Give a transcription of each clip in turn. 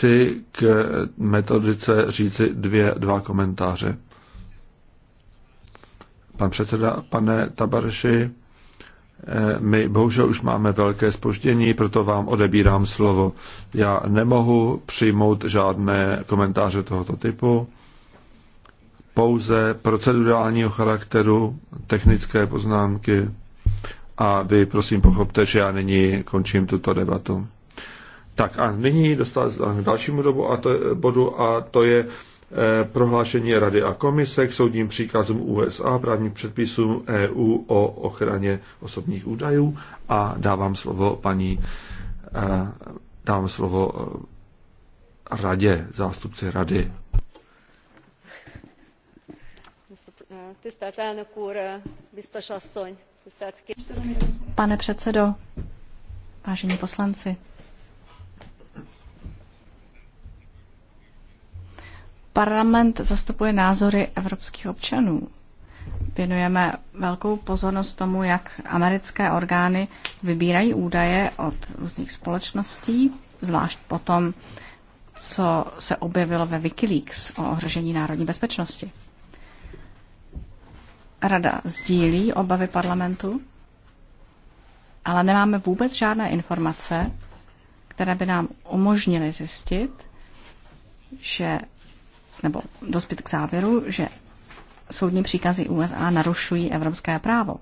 chci k metodice říci dvě, dva komentáře. Pan předseda, pane Tabarši, eh, my bohužel už máme velké spoždění, proto vám odebírám slovo. Já nemohu přijmout žádné komentáře tohoto typu, pouze procedurálního charakteru, technické poznámky a vy prosím pochopte, že já nyní končím tuto debatu. Tak a nyní dostáváme k dalšímu dobu a to, bodu a to je eh, prohlášení Rady a komise k soudním příkazům USA, právním předpisům EU o ochraně osobních údajů a dávám slovo paní, eh, dávám slovo eh, radě, zástupci rady. Pane předsedo, vážení poslanci, Parlament zastupuje názory evropských občanů. Věnujeme velkou pozornost tomu, jak americké orgány vybírají údaje od různých společností, zvlášť potom, co se objevilo ve Wikileaks o ohrožení národní bezpečnosti. Rada sdílí obavy parlamentu, ale nemáme vůbec žádné informace, které by nám umožnily zjistit, že nebo dospět k závěru, že soudní příkazy USA narušují evropské právo.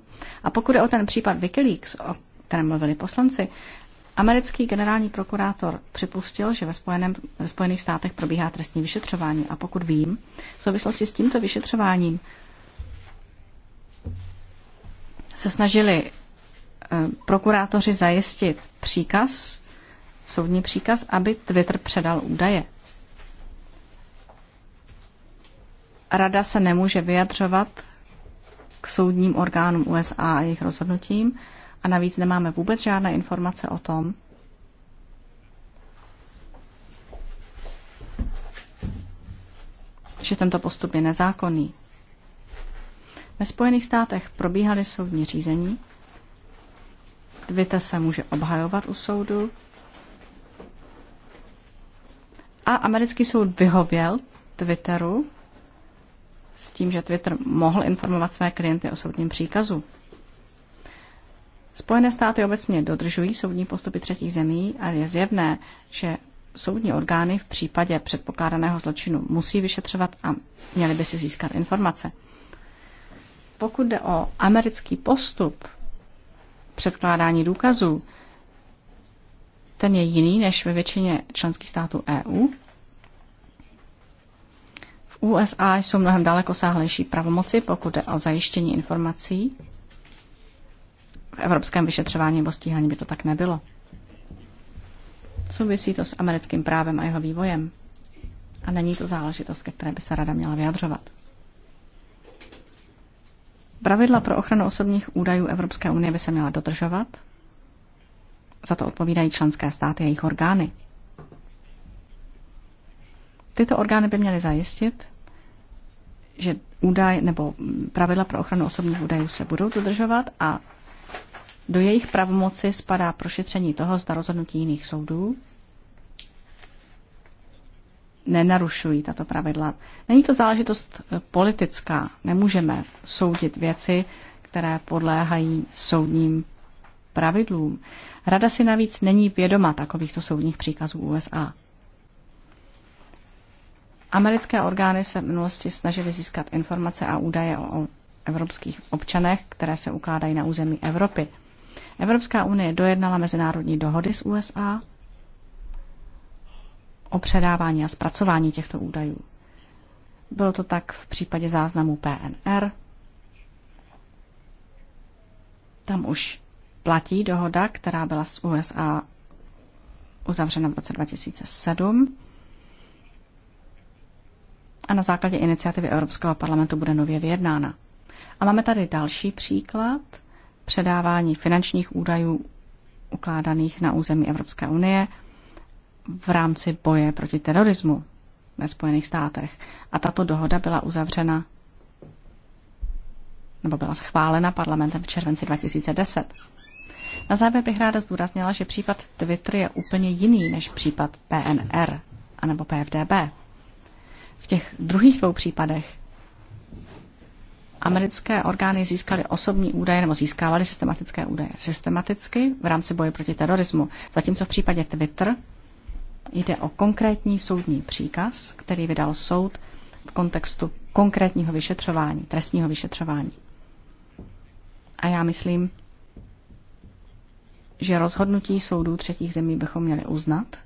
A pokud je o ten případ Wikileaks, o kterém mluvili poslanci, americký generální prokurátor připustil, že ve, Spojeném, ve Spojených státech probíhá trestní vyšetřování. A pokud vím, v souvislosti s tímto vyšetřováním se snažili eh, prokurátoři zajistit příkaz, soudní příkaz, aby Twitter předal údaje. Rada se nemůže vyjadřovat k soudním orgánům USA a jejich rozhodnutím a navíc nemáme vůbec žádné informace o tom, že tento postup je nezákonný. Ve Spojených státech probíhaly soudní řízení, Twitter se může obhajovat u soudu a americký soud vyhověl Twitteru s tím, že Twitter mohl informovat své klienty o soudním příkazu. Spojené státy obecně dodržují soudní postupy třetích zemí a je zjevné, že soudní orgány v případě předpokládaného zločinu musí vyšetřovat a měly by si získat informace. Pokud jde o americký postup předkládání důkazů, ten je jiný než ve většině členských států EU USA jsou mnohem sáhlejší pravomoci, pokud jde o zajištění informací. V evropském vyšetřování nebo stíhání by to tak nebylo. Souvisí to s americkým právem a jeho vývojem. A není to záležitost, ke které by se rada měla vyjadřovat. Pravidla pro ochranu osobních údajů Evropské unie by se měla dodržovat. Za to odpovídají členské státy a jejich orgány. Tyto orgány by měly zajistit, že údaj nebo pravidla pro ochranu osobních údajů se budou dodržovat a do jejich pravomoci spadá prošetření toho, zda rozhodnutí jiných soudů nenarušují tato pravidla. Není to záležitost eh, politická. Nemůžeme soudit věci, které podléhají soudním pravidlům. Rada si navíc není vědoma takovýchto soudních příkazů USA. Americké orgány se v minulosti snažily získat informace a údaje o evropských občanech, které se ukládají na území Evropy. Evropská unie dojednala mezinárodní dohody s USA o předávání a zpracování těchto údajů. Bylo to tak v případě záznamů PNR. Tam už platí dohoda, která byla s USA uzavřena v roce 2007 a na základě iniciativy Evropského parlamentu bude nově vyjednána. A máme tady další příklad předávání finančních údajů ukládaných na území Evropské unie v rámci boje proti terorismu ve Spojených státech. A tato dohoda byla uzavřena nebo byla schválena parlamentem v červenci 2010. Na závěr bych ráda zdůraznila, že případ Twitter je úplně jiný než případ PNR anebo PFDB těch druhých dvou případech americké orgány získaly osobní údaje nebo získávaly systematické údaje systematicky v rámci boje proti terorismu. Zatímco v případě Twitter jde o konkrétní soudní příkaz, který vydal soud v kontextu konkrétního vyšetřování, trestního vyšetřování. A já myslím, že rozhodnutí soudů třetích zemí bychom měli uznat –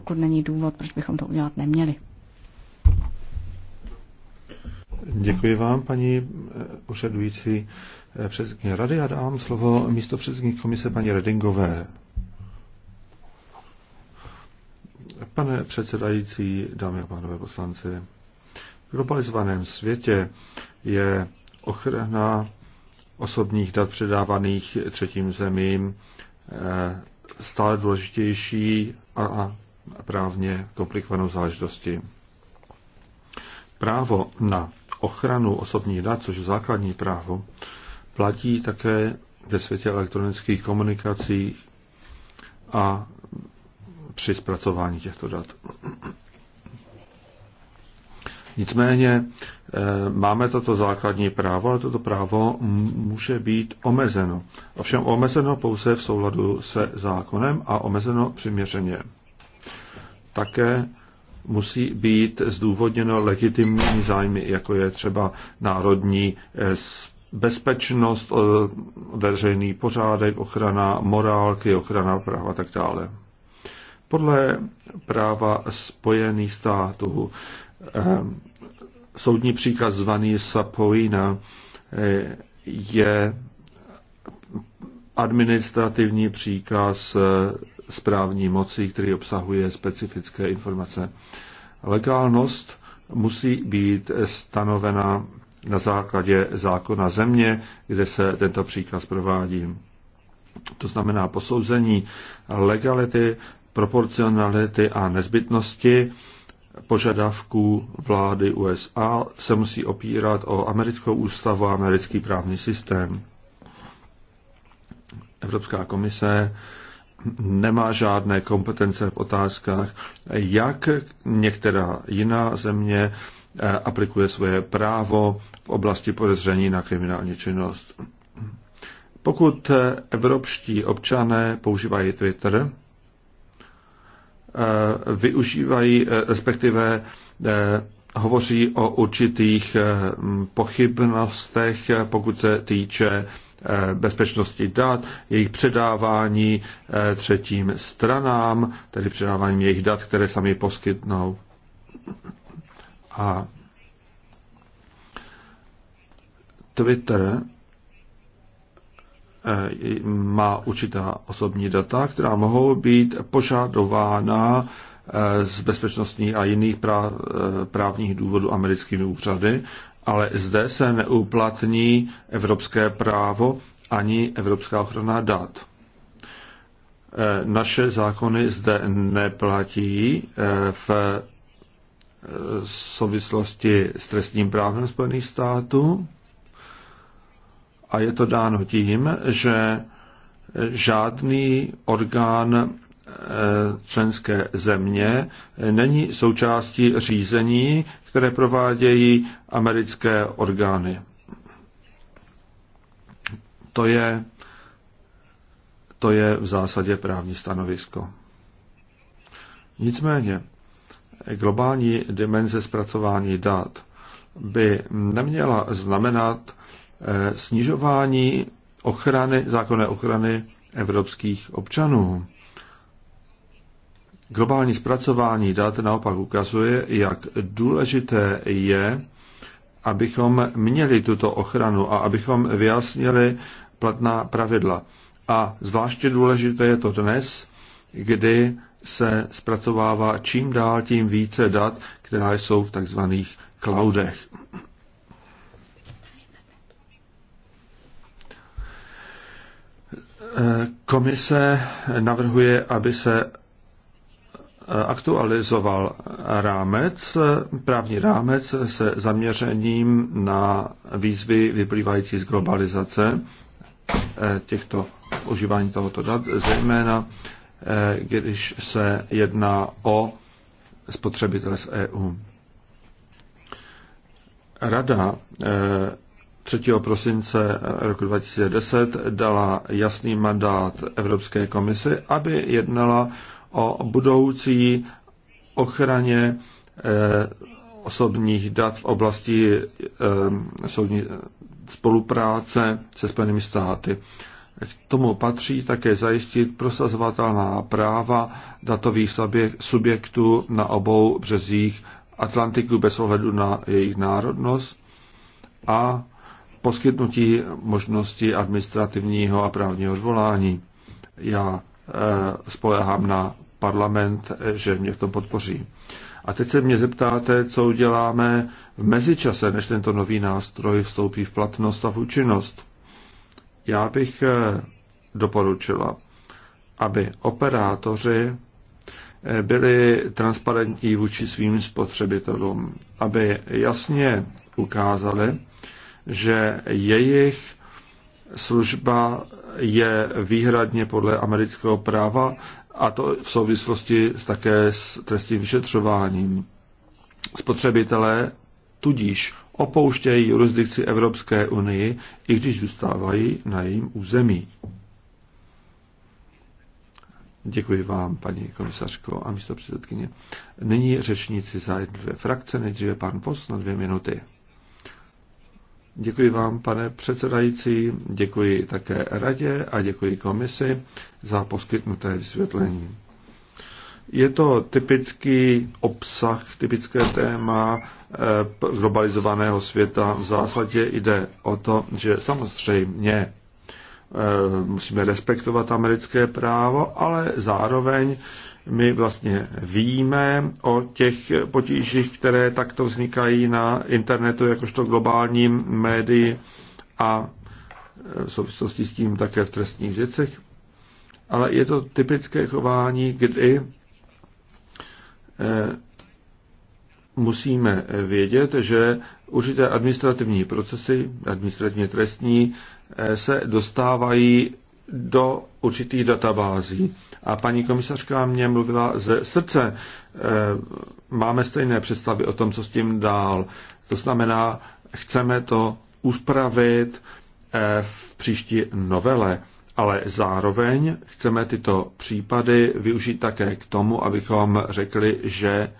pokud není důvod, proč bychom to udělat neměli. Děkuji vám, paní eh, pořadující eh, předsedkyně rady a dám slovo místo předsedkyní komise paní Redingové. Pane předsedající, dámy a pánové poslanci, v globalizovaném světě je ochrana osobních dat předávaných třetím zemím eh, stále důležitější a právně komplikovanou záležitosti Právo na ochranu osobních dat, což je základní právo, platí také ve světě elektronických komunikací a při zpracování těchto dat. Nicméně eh, máme toto základní právo a toto právo může být omezeno. Ovšem omezeno pouze v souladu se zákonem a omezeno přiměřeně také musí být zdůvodněno legitimními zájmy, jako je třeba národní eh, bezpečnost, eh, veřejný pořádek, ochrana morálky, ochrana práva a tak dále. Podle práva Spojených států eh, soudní příkaz zvaný Sapoina je administrativní příkaz správní moci, který obsahuje specifické informace. Legálnost musí být stanovena na základě zákona země, kde se tento příkaz provádí. To znamená posouzení legality, proporcionality a nezbytnosti požadavků vlády USA se musí opírat o americkou ústavu a americký právní systém. Evropská komise nemá žádné kompetence v otázkách, jak některá jiná země eh, aplikuje svoje právo v oblasti podezření na kriminální činnost. Pokud eh, evropští občané používají Twitter, eh, využívají, respektive hovoří o určitých pochybnostech, pokud se týče Eh, bezpečnosti dat, jejich předávání eh, třetím stranám, tedy předávání jejich dat, které sami poskytnou. A Twitter eh, má určitá osobní data, která mohou být požadována z bezpečnostních a jiných práv, právních důvodů americkými úřady ale zde se neuplatní evropské právo ani evropská ochrana dat. E, naše zákony zde neplatí e, v e, souvislosti s trestním právem Spojených států a je to dáno tím, že žádný orgán členské země není součástí řízení, které provádějí americké orgány. To je, to je v zásadě právní stanovisko. Nicméně, globální dimenze zpracování dat by neměla znamenat eh, snižování ochrany, zákonné ochrany evropských občanů. Globální zpracování dat naopak ukazuje, jak důležité je, abychom měli tuto ochranu a abychom vyjasnili platná pravidla. A zvláště důležité je to dnes, kdy se zpracovává čím dál tím více dat, která jsou v takzvaných cloudech. Komise navrhuje, aby se aktualizoval rámec, právní rámec se zaměřením na výzvy vyplývající z globalizace eh, těchto užívání tohoto dat, zejména eh, když se jedná o spotřebitele z EU. Rada 3. Eh, prosince roku 2010 dala jasný mandát Evropské komisi, aby jednala o budoucí ochraně eh, osobních dat v oblasti eh, soudní spolupráce se Spojenými státy. K tomu patří také zajistit prosazovatelná práva datových subjektů na obou březích Atlantiku bez ohledu na jejich národnost a poskytnutí možnosti administrativního a právního odvolání. Já eh, spolehám na parlament, že mě v tom podpoří. A teď se mě zeptáte, co uděláme v mezičase, než tento nový nástroj vstoupí v platnost a v účinnost. Já bych eh, doporučila, aby operátoři eh, byli transparentní vůči svým spotřebitelům, aby jasně ukázali, že jejich služba je výhradně podle amerického práva a to v souvislosti také s trestním vyšetřováním. Spotřebitelé tudíž opouštějí jurisdikci Evropské unii, i když zůstávají na jejím území. Děkuji vám, paní komisařko a místo předsedkyně. Nyní řečníci za jednotlivé frakce, nejdříve pan Vos na dvě minuty. Děkuji vám, pane předsedající, děkuji také radě a děkuji komisi za poskytnuté vysvětlení. Je to typický obsah, typické téma eh, globalizovaného světa. V zásadě jde o to, že samozřejmě eh, musíme respektovat americké právo, ale zároveň my vlastně víme o těch potížích, které takto vznikají na internetu jakožto globálním médii a v souvislosti s tím také v trestních věcech. Ale je to typické chování, kdy eh, musíme vědět, že určité administrativní procesy, administrativně trestní, eh, se dostávají do určitých databází. A paní komisařka mě mluvila ze srdce. Eh, máme stejné představy o tom, co s tím dál. To znamená, chceme to uspravit eh, v příští novele, ale zároveň chceme tyto případy využít také k tomu, abychom řekli, že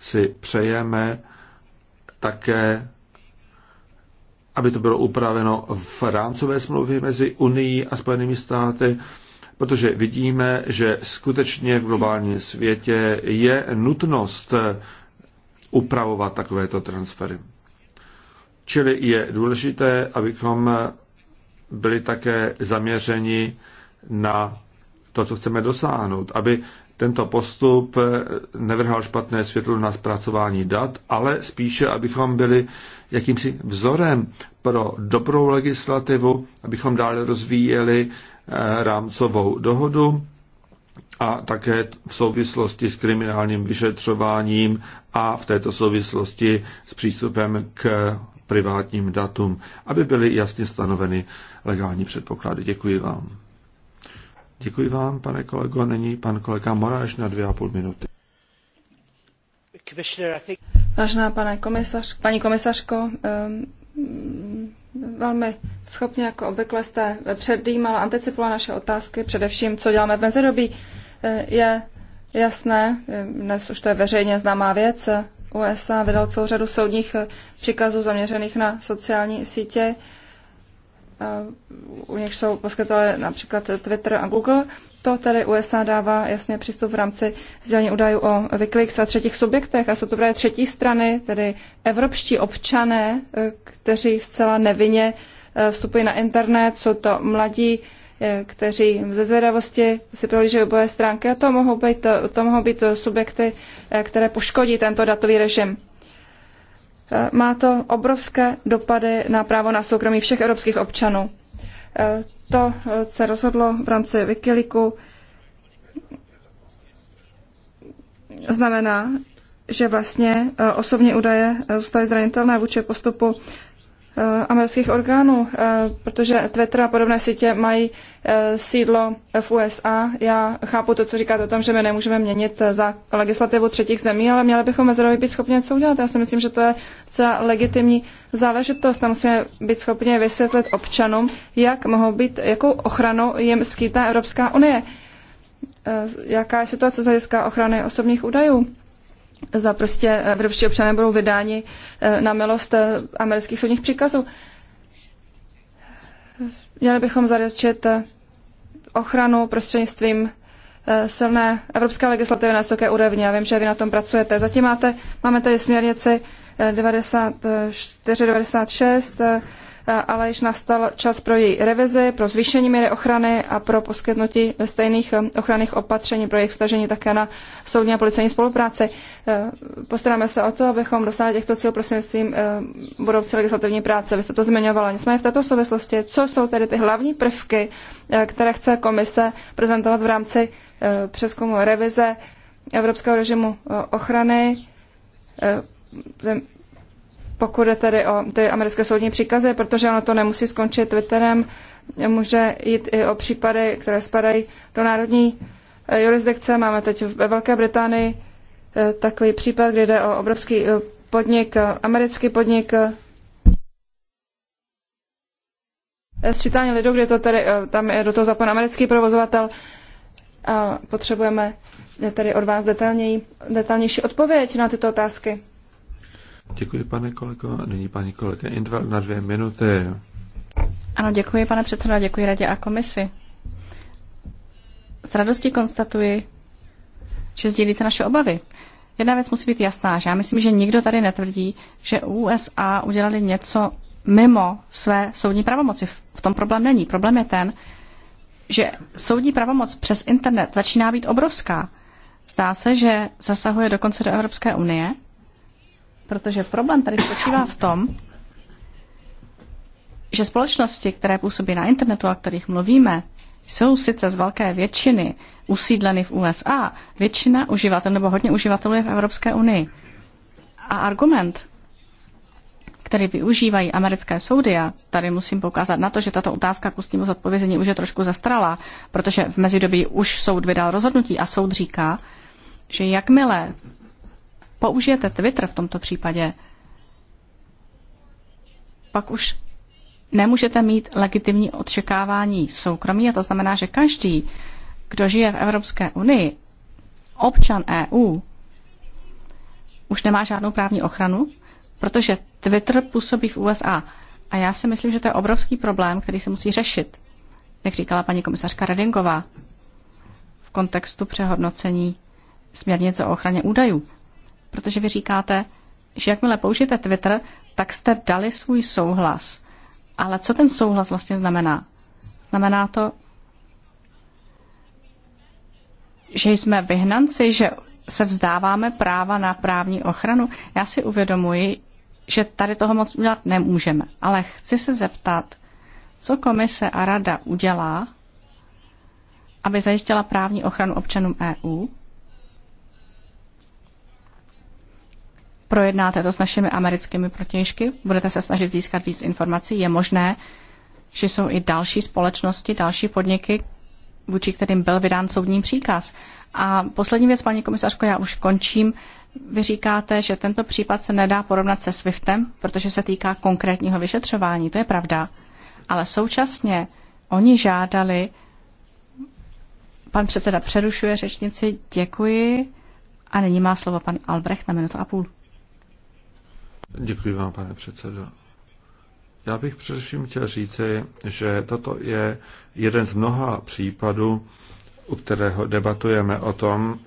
si přejeme také aby to bylo upraveno v rámcové smlouvě mezi Unii a Spojenými státy, protože vidíme, že skutečně v globálním světě je nutnost upravovat takovéto transfery. Čili je důležité, abychom byli také zaměřeni na to, co chceme dosáhnout, aby tento postup eh, nevrhal špatné světlo na zpracování dat, ale spíše, abychom byli jakýmsi vzorem pro dobrou legislativu, abychom dále rozvíjeli eh, rámcovou dohodu a také v souvislosti s kriminálním vyšetřováním a v této souvislosti s přístupem k privátním datům, aby byly jasně stanoveny legální předpoklady. Děkuji vám. Děkuji vám, pane kolego. není pan kolega Moráš na dvě a půl minuty. Vážená pane komisař, paní komisařko, ehm, velmi schopně, jako obvykle jste předjímala, anticipovala naše otázky, především, co děláme v mezidobí. Eh, je jasné, ehm, dnes už to je veřejně známá věc, eh, USA vydal celou řadu soudních eh, příkazů zaměřených na sociální sítě, Eh, u nich jsou poskytovali například Twitter a Google. To tedy USA dává jasně přístup v rámci sdělení údajů o Wikileaks a třetích subjektech a jsou to právě třetí strany, tedy evropští občané, eh, kteří zcela nevinně eh, vstupují na internet, jsou to mladí, kteří ze zvědavosti si prohlíží webové stránky a to mohou být, to mohou být subjekty, které poškodí tento datový režim. Eh, má to obrovské dopady na právo na soukromí všech evropských občanů. Eh, to eh, se rozhodlo v rámci Wikileaku. Znamená, že vlastně osobní údaje zůstaly zranitelné vůči postupu Eh, amerických orgánů, eh, protože Twitter a podobné sítě mají eh, sídlo v USA. Já chápu to, co říkáte o tom, že my nemůžeme měnit za legislativu třetích zemí, ale měli bychom mezi být schopni něco udělat. Já si myslím, že to je celá legitimní záležitost. Tam musíme být schopni vysvětlit občanům, jak mohou být, jakou ochranu jim skýtá Evropská unie. Jaká je situace z hlediska ochrany osobních údajů? zda prostě eh, evropští občané budou vydáni eh, na milost eh, amerických soudních příkazů. Měli bychom zaručit ochranu prostřednictvím silné evropské legislativy na vysoké úrovni. Já vím, že vy na tom pracujete. Zatím máte, máme tady směrnici 94-96, ale již nastal čas pro její revizi, pro zvýšení míry ochrany a pro poskytnutí stejných eh, ochranných opatření pro jejich vztažení také na soudní a policejní spolupráci. Eh, postaráme se o to, abychom dosáhli těchto cílů prostřednictvím eh, budoucí legislativní práce. Vy jste to zmiňovala. Nicméně v této souvislosti, co jsou tedy ty hlavní prvky, které chce komise prezentovat v rámci přeskumu revize evropského režimu ochrany pokud je tedy o ty americké soudní příkazy, protože ono to nemusí skončit Twitterem, může jít i o případy, které spadají do národní eh, jurisdikce. Máme teď ve Velké Británii eh, takový případ, kde jde o obrovský eh, podnik, americký podnik sčítání lidu, kde to tedy, tam je do toho zapojen americký provozovatel a potřebujeme tedy od vás detailněji, detailnější odpověď na tyto otázky. Děkuji, pane kolego. Nyní paní kolega Indval na dvě minuty. Ano, děkuji, pane předseda, děkuji radě a komisi. S radostí konstatuji, že sdílíte naše obavy. Jedna věc musí být jasná, že já myslím, že nikdo tady netvrdí, že USA udělali něco mimo své soudní pravomoci. V tom problém není. Problém je ten, že soudní pravomoc přes internet začíná být obrovská. Zdá se, že zasahuje dokonce do Evropské unie Protože problém tady spočívá v tom, že společnosti, které působí na internetu o kterých mluvíme, jsou sice z velké většiny usídleny v USA, většina uživatelů nebo hodně uživatelů je v Evropské unii. A argument, který využívají americké soudy, a tady musím poukázat na to, že tato otázka k ústnímu zodpovězení už je trošku zastrala, protože v mezidobí už soud vydal rozhodnutí a soud říká, že jakmile použijete Twitter v tomto případě, pak už nemůžete mít legitimní očekávání soukromí a to znamená, že každý, kdo žije v Evropské unii, občan EU, už nemá žádnou právní ochranu, protože Twitter působí v USA. A já si myslím, že to je obrovský problém, který se musí řešit, jak říkala paní komisařka Redingová, v kontextu přehodnocení směrnice o ochraně údajů protože vy říkáte, že jakmile použijete Twitter, tak jste dali svůj souhlas. Ale co ten souhlas vlastně znamená? Znamená to, že jsme vyhnanci, že se vzdáváme práva na právní ochranu. Já si uvědomuji, že tady toho moc udělat nemůžeme. Ale chci se zeptat, co komise a rada udělá, aby zajistila právní ochranu občanům EU projednáte to s našimi americkými protějšky, budete se snažit získat víc informací, je možné, že jsou i další společnosti, další podniky, vůči kterým byl vydán soudní příkaz. A poslední věc, paní komisařko, já už končím. Vy říkáte, že tento případ se nedá porovnat se SWIFTem, protože se týká konkrétního vyšetřování. To je pravda. Ale současně oni žádali, pan předseda přerušuje řečnici, děkuji. A nyní má slovo pan Albrecht na minutu a půl. Děkuji vám, pane předsedo. Já bych především chtěl říci, že toto je jeden z mnoha případů, u kterého debatujeme o tom,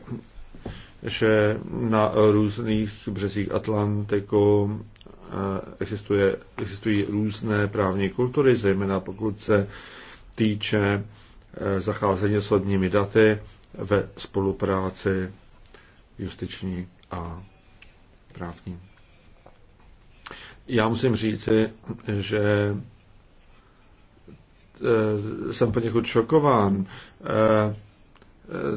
že na různých březích Atlantiku eh, existuje, existují různé právní kultury, zejména pokud se týče eh, zacházení s odními daty ve spolupráci justiční a právní. Já musím říci, že eh, jsem poněkud šokován. Eh,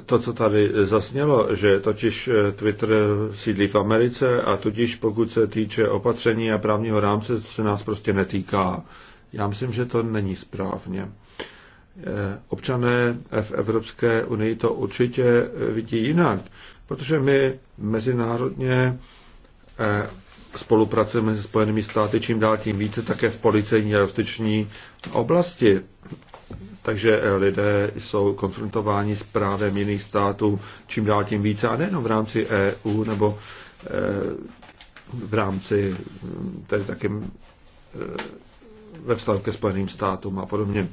to, co tady zasnělo, že totiž eh, Twitter sídlí v Americe a tudíž pokud se týče opatření a právního rámce, to se nás prostě netýká. Já myslím, že to není správně. Občané v Evropské unii to určitě vidí jinak, protože my mezinárodně spolupracujeme mezi Spojenými státy čím dál tím více také v policejní a justiční oblasti. Takže eh, lidé jsou konfrontováni s právem jiných států čím dál tím více a nejenom v rámci EU nebo eh, v rámci hm, tedy taky hm, ve vztahu ke Spojeným státům a podobně.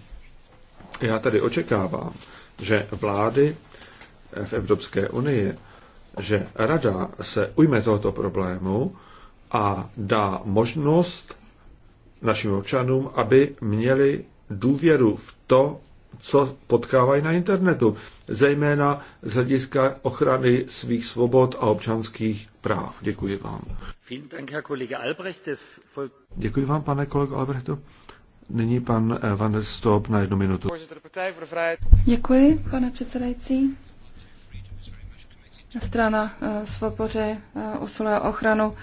Já tady očekávám, že vlády eh, v Evropské unii, že rada se ujme tohoto problému, a dá možnost našim občanům, aby měli důvěru v to, co potkávají na internetu, zejména z hlediska ochrany svých svobod a občanských práv. Děkuji vám. Děkuji vám, pane kolego Albrechtu. Nyní pan eh, Van der Stop na jednu minutu. Děkuji, pane předsedající. Strana eh, svobody eh, usiluje ochranu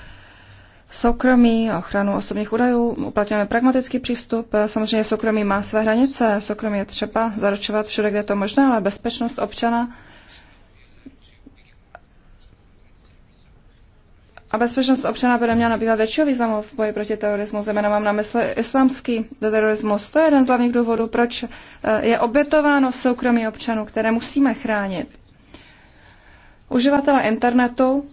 soukromí, ochranu osobních údajů, uplatňujeme pragmatický přístup. Samozřejmě soukromí má své hranice, soukromí je třeba zaručovat všude, kde je to možné, ale bezpečnost občana a bezpečnost občana bude měla nabývat většího významu v boji proti terorismu. Zejména mám na mysli islámský terorismus. To je jeden z hlavních důvodů, proč eh, je obětováno soukromí občanů, které musíme chránit. Uživatelé internetu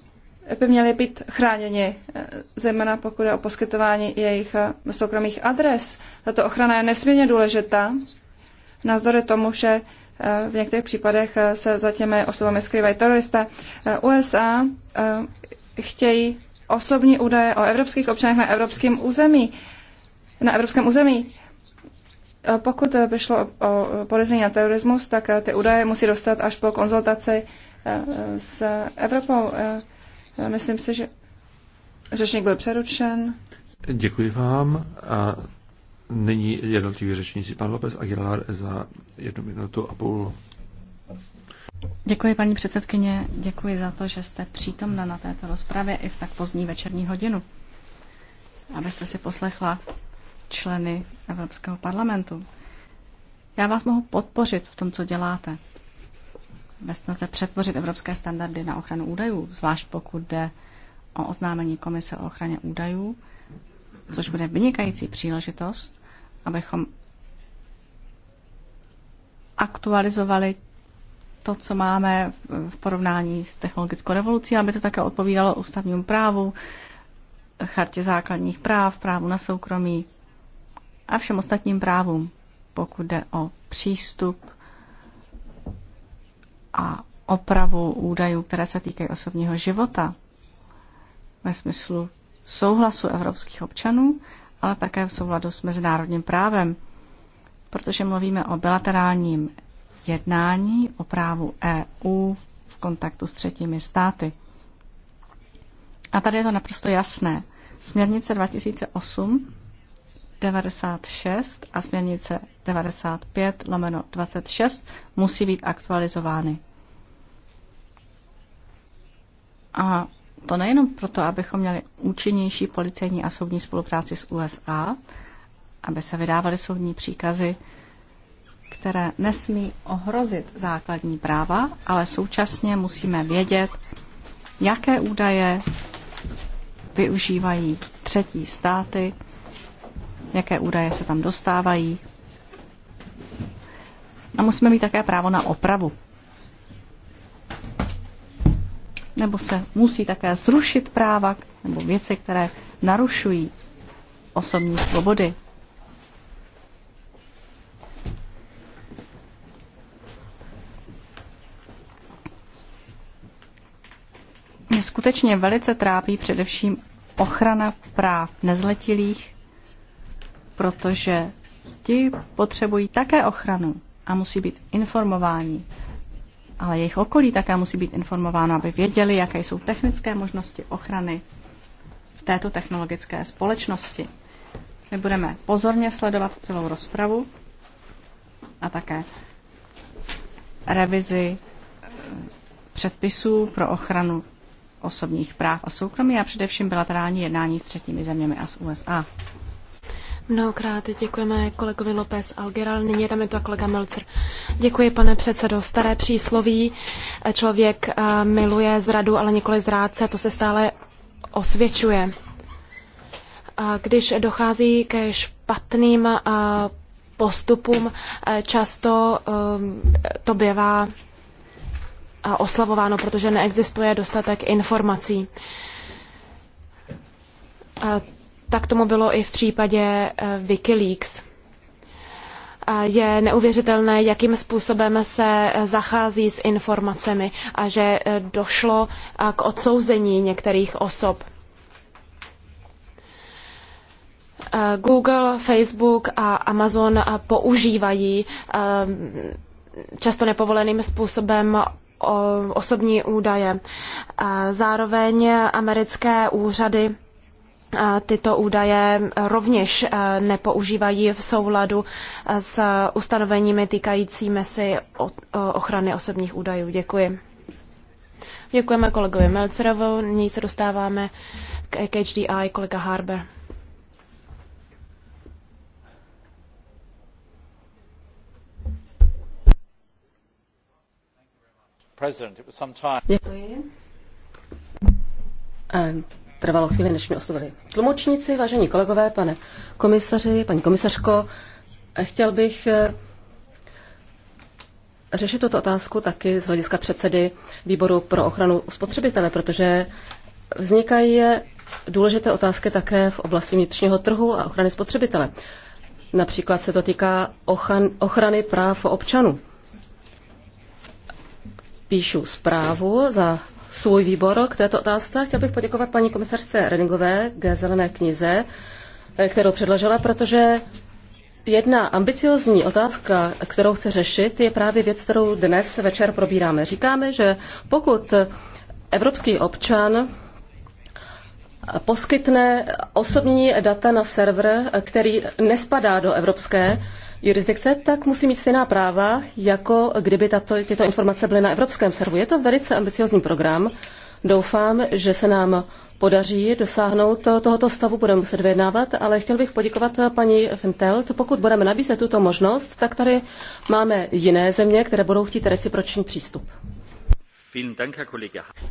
by měly být chráněni, eh, zejména pokud je o poskytování jejich eh, soukromých adres. Tato ochrana je nesmírně důležitá, navzdory tomu, že eh, v některých případech se za těmi osobami skrývají teroristé. USA chtějí osobní údaje o evropských občanech na evropském území. Na evropském území. Pokud by šlo o podezření na terorismus, tak ty údaje musí dostat až po konzultaci s Evropou. Myslím si, že řečník byl přerušen. Děkuji vám. A nyní jednotliví řečníci. Pan López Aguilar za jednu minutu a půl. Děkuji, paní předsedkyně. Děkuji za to, že jste přítomna na této rozpravě i v tak pozdní večerní hodinu. Abyste si poslechla členy Evropského parlamentu. Já vás mohu podpořit v tom, co děláte ve snaze přetvořit evropské standardy na ochranu údajů, zvlášť pokud jde o oznámení Komise o ochraně údajů, což bude vynikající příležitost, abychom aktualizovali to, co máme v porovnání s technologickou revolucí, aby to také odpovídalo ústavnímu právu, chartě základních práv, právu na soukromí a všem ostatním právům, pokud jde o přístup a opravu údajů, které se týkají osobního života ve smyslu souhlasu evropských občanů, ale také v souladu s mezinárodním právem, protože mluvíme o bilaterálním jednání o právu EU v kontaktu s třetími státy. A tady je to naprosto jasné. Směrnice 2008 96 a směrnice 95 lomeno 26 musí být aktualizovány. A to nejenom proto, abychom měli účinnější policejní a soudní spolupráci s USA, aby se vydávaly soudní příkazy, které nesmí ohrozit základní práva, ale současně musíme vědět, jaké údaje využívají třetí státy, jaké údaje se tam dostávají. A musíme mít také právo na opravu. nebo se musí také zrušit práva nebo věci, které narušují osobní svobody. Mě skutečně velice trápí především ochrana práv nezletilých, protože ti potřebují také ochranu a musí být informováni ale jejich okolí také musí být informováno, aby věděli, jaké jsou technické možnosti ochrany v této technologické společnosti. My budeme pozorně sledovat celou rozpravu a také revizi eh, předpisů pro ochranu osobních práv a soukromí a především bilaterální jednání s třetími zeměmi a s USA. Mnohokrát děkujeme kolegovi López Algeral, nyní je tam je to kolega Melcer. Děkuji, pane předsedo. Staré přísloví, eh, člověk eh, miluje zradu, ale nikoli zrádce, to se stále osvědčuje. Když dochází ke špatným eh, postupům, často to bývá oslavováno, protože neexistuje dostatek informací. Tak tomu bylo i v případě eh, Wikileaks. Je neuvěřitelné, jakým způsobem se eh, zachází s informacemi a že eh, došlo k odsouzení některých osob. Google, Facebook a Amazon používají často nepovoleným způsobem osobní údaje. Zároveň americké úřady tyto údaje rovněž eh, nepoužívají v souladu eh, s ustanoveními týkajícími si ochrany osobních údajů. Děkuji. Děkujeme kolegovi Melcerovou. Nyní se dostáváme k HDI kolega Harber. Děkuji. Eh, trvalo chvíli, než mě oslovili tlumočníci, vážení kolegové, pane komisaři, paní komisařko. Chtěl bych eh, řešit tuto otázku taky z hlediska předsedy výboru pro ochranu spotřebitele, protože vznikají důležité otázky také v oblasti vnitřního trhu a ochrany spotřebitele. Například se to týká ochrany práv občanů. Píšu zprávu za svůj výbor k této otázce. Chtěl bych poděkovat paní komisařce Reningové k zelené knize, eh, kterou předložila, protože Jedna ambiciozní otázka, kterou chce řešit, je právě věc, kterou dnes večer probíráme. Říkáme, že pokud evropský občan poskytne osobní data na server, eh, který nespadá do evropské, jurisdikce, tak musí mít stejná práva, jako kdyby tato, tyto informace byly na evropském serveru. Je to velice ambiciozní program. Doufám, že se nám podaří dosáhnout to, tohoto stavu, budeme muset vyjednávat, ale chtěl bych poděkovat paní Fentelt. Pokud budeme nabízet tuto možnost, tak tady máme jiné země, které budou chtít reciproční přístup.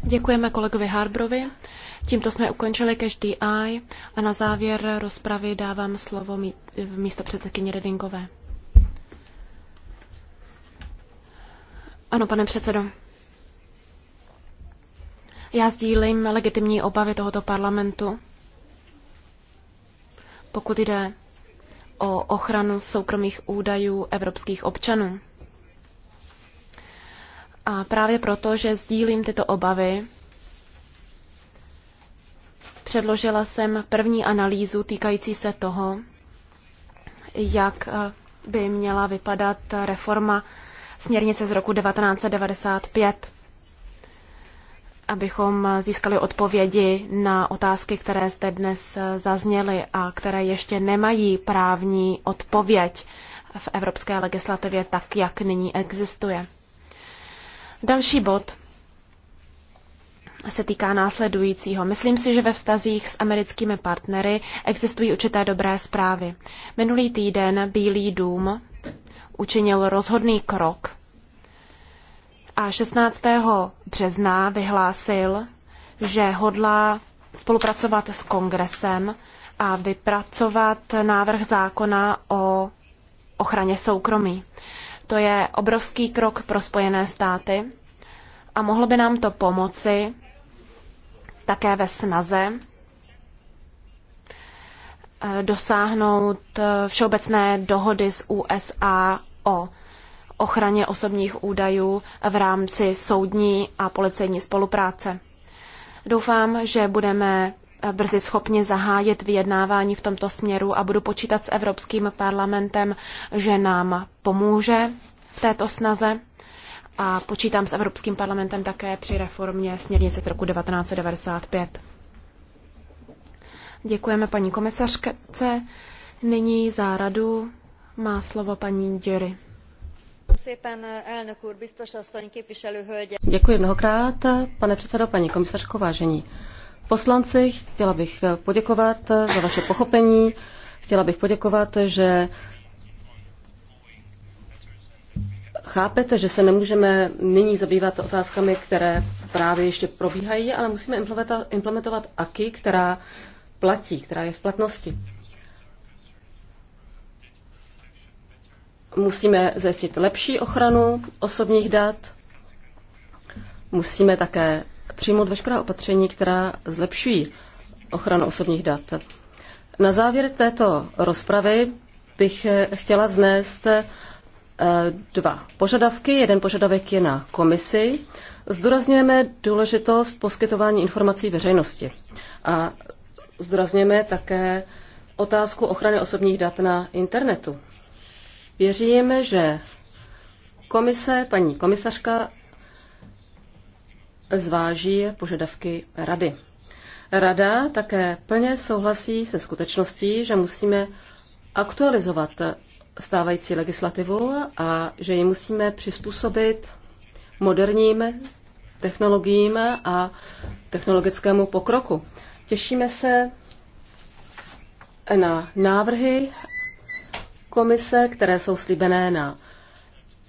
Děkujeme kolegovi Harbrovi. Tímto jsme ukončili každý aj a na závěr rozpravy dávám slovo místo předsedkyni Redingové. Ano, pane předsedo. Já sdílím legitimní obavy tohoto parlamentu, pokud jde o ochranu soukromých údajů evropských občanů. A právě proto, že sdílím tyto obavy, předložila jsem první analýzu týkající se toho, jak by měla vypadat reforma směrnice z roku 1995, abychom získali odpovědi na otázky, které zde dnes zazněly a které ještě nemají právní odpověď v evropské legislativě tak, jak nyní existuje. Další bod se týká následujícího. Myslím si, že ve vztazích s americkými partnery existují určité dobré zprávy. Minulý týden Bílý dům učinil rozhodný krok a 16. března vyhlásil, že hodlá spolupracovat s kongresem a vypracovat návrh zákona o ochraně soukromí. To je obrovský krok pro Spojené státy a mohlo by nám to pomoci také ve snaze eh, dosáhnout eh, všeobecné dohody s USA o ochraně osobních údajů v rámci soudní a policejní spolupráce. Doufám, že budeme brzy schopni zahájit vyjednávání v tomto směru a budu počítat s Evropským parlamentem, že nám pomůže v této snaze a počítám s Evropským parlamentem také při reformě směrnice z roku 1995. Děkujeme paní komisařce. Nyní za radu má slovo paní Děry. Děkuji mnohokrát, pane předsedo, paní komisařko, vážení poslanci. Chtěla bych poděkovat za vaše pochopení. Chtěla bych poděkovat, že chápete, že se nemůžeme nyní zabývat otázkami, které právě ještě probíhají, ale musíme implementovat aky, která platí, která je v platnosti. Musíme zajistit lepší ochranu osobních dat. Musíme také přijmout veškerá opatření, která zlepšují ochranu osobních dat. Na závěr této rozpravy bych chtěla vznést eh, dva požadavky. Jeden požadavek je na komisi. Zdůrazňujeme důležitost poskytování informací veřejnosti a zdůrazňujeme také otázku ochrany osobních dat na internetu. Věříme, že komise, paní komisařka zváží požadavky rady. Rada také plně souhlasí se skutečností, že musíme aktualizovat stávající legislativu a že ji musíme přizpůsobit moderním technologiím a technologickému pokroku. Těšíme se na návrhy komise, které jsou slíbené na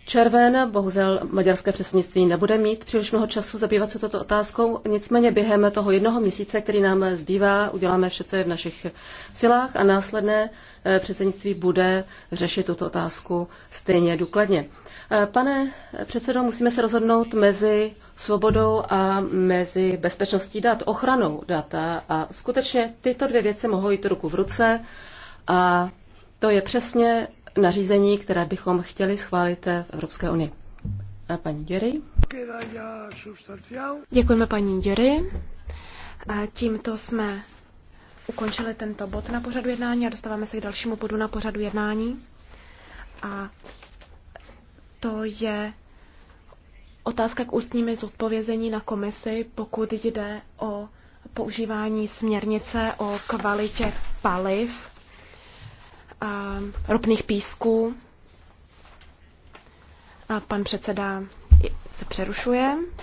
červen. Bohužel maďarské předsednictví nebude mít příliš mnoho času zabývat se toto otázkou. Nicméně během toho jednoho měsíce, který nám zbývá, uděláme vše, co je v našich silách a následné eh, předsednictví bude řešit tuto otázku stejně důkladně. Eh, pane předsedo, musíme se rozhodnout mezi svobodou a mezi bezpečností dat, ochranou data a skutečně tyto dvě věci mohou jít ruku v ruce a to je přesně nařízení, které bychom chtěli schválit v Evropské unii. A paní Děry. Děkujeme paní Děry. Tímto jsme ukončili tento bod na pořadu jednání a dostáváme se k dalšímu bodu na pořadu jednání. A to je otázka k ústními zodpovězení na komisi, pokud jde o používání směrnice o kvalitě paliv ropných písků. A pan předseda se přerušuje.